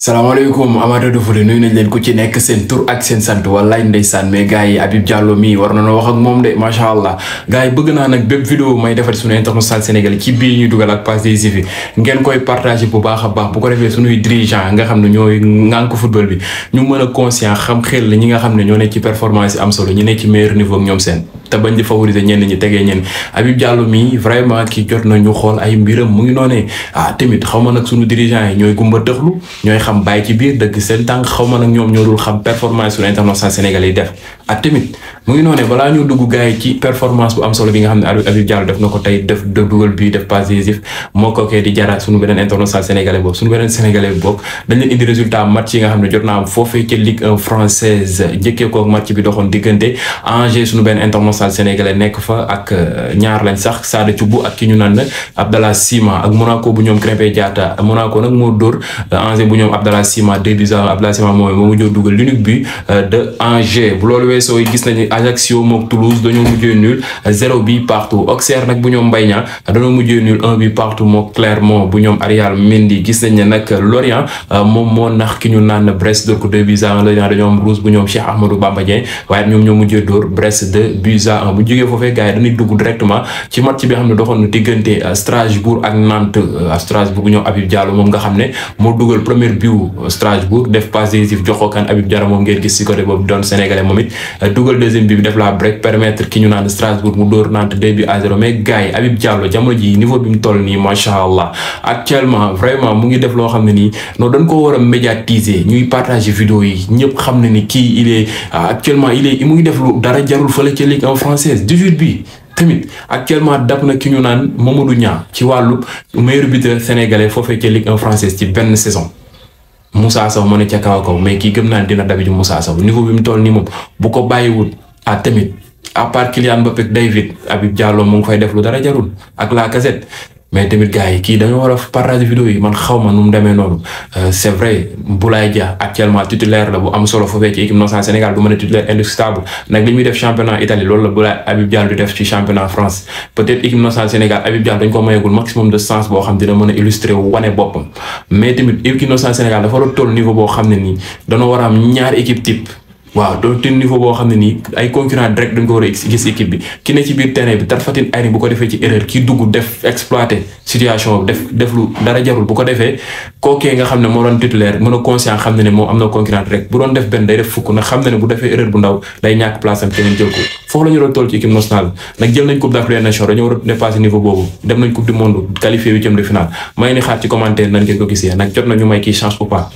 salaamaaleykum amateur de foot nuyu leen ku ci nekk seen tur ak seen sant wallaay ndeysaan mais gars yi Habib Diallo mii war nañoo wax ak moom de macha allah gars yi bëgg naa nag bépp vidéo may defar suñu international Sénégal ci bii ñuy dugal ak passe décisif ngeen koy partagé bu baax a baax bu ko defee suñuy dirigeant nga xam ne ñooy ŋànk football bi ñu mën a conscient xam xel ñi nga xam ne ñoo nekk ci performance yi am solo ñu ne ci meilleur niveau ak ñoom seen. te bañ di favoriser ñenn ñi tegee ñenn Habib Diallo mii vraiment ki jot nañu xool ay mbiram mu ngi noonee ah tamit xaw ma nag suñu dirigeant yi ñooy gumba dëxlu ñooy xam bàyyi ci biir dëgg seen tànk xaw ma nag ñoom ñoo dul xam performance suñu international sénégalais yi def a ah, tamit mu ngi noonee balaa ñu dugg gars yi ci performance bu am solo bi nga xam ne Habib Diallo def na ko tey def dugal bii def passe décisif moo ko kee di jara suñu beneen international sénégalais boobu suñu beneen sénégalais bi boobu dañ leen indi résultat match yi nga xam ne jot na am foofee ca Ligue 1 française njëkkee ko match bi doxoon diggante Angers international sénégalais nekk fa ak euh, ñaar lañ sax Sada Thioub ak ki ñu naan euh, Abdallah Sima ak Monaco bu ñoom Krépin Diatta Monaco nag moo dóor euh, Angers bu ñoom Abdallah Sima deux buts à Abdallah Sima moom moo mujjee dugal gis nañu Ajaccio mook Toulouse dañoo bi partout Auxerre nag bu ñoom Mbaye Niang dañoo mujjee nul un bi partout mook Clermont bu ñoom Arial Mendy gis nañ ne nag Lorient moom moo nax ki ñu naan Brest dóor ko deux buts à Lorient dañoo am rouge bu ñoom Cheikh Ahmadou Bamba waaye ñoom ñoo mujjee dóor Brest deux buts buts à 1 bu jógee foofee gars yi dañuy ci match bi xam ne doxoon na diggante euh, Strasbourg ak Nantes euh, Strasbourg ñoom Habib Diallo moom nga xam ne moo dugal premier but euh, Strasbourg def passe décisive jox ko kan Habib Diallo moom ngeen gis si côté boobu doon sénégalais moom it dugal bi def la break permettre ki ñu naan Strasbourg mu dóor Nantes deux buts mais gars yi Habib Diallo ji niveau bi mu toll nii macha allah actuellement vraiment mu ngi def loo xam a française 18 bi tamit actuellement dab na ki ñu naan Mamadou ñaa ci wàllu meilleur buteur sénégalais foofee ca Ligue en française ci benn saison Moussa Sow ma ne ca kaw kaw mais kii gëm naa ne dina dabi ji Moussa Sow niveau bi mu toll nii moom bu ko bàyyiwul ah tamit à part Kylian day David Habib Diallo mu ngi fay def lu dara jarul ak laa Lacazette mais tamit gars yi kii dañoo war a partager vidéo yi man xaw ma nu mu demee noonu euh, c'est vrai Boulaye Dia actuellement titulaire la bu am solo foofee ci équipe nationale Sénégal bu mën a titulaire indiscutable nag def ci championnat France peut-être équipe nationale Sénégal Habib Diallo dañ ko mayagul maximum de sens boo xam dina mën a illustrer wane boppam mais tamit équipe nationale Sénégal dafa war toll niveau boo xam ne nii dañoo war a am ñaari équipe type. waaw doo tin niveau boo xam ne nii ay concurrent direct dañ war a gis équipe bi ki ne ci biir terrain bi tarfatin ayni bu ko defee ci erreur ki dugg def exploité lu dara jarul bu ko defee kookee xam ne moo doon titulaire mën a am na concurrent direct bu doon def benn day def fukk nag xam ne ne bu defee erreur bu ndaw day ñàkk place am keneen jël ko foofu la ñu doon toll nationale nag jël nañ coupe d'Afrique des nations war a dépassé niveau boobu dem nañ coupe du monde qualifié huitième de finale may ni xaar ci commentaire nan ngeen ko gisee nag jot nañu may kii chance ou pas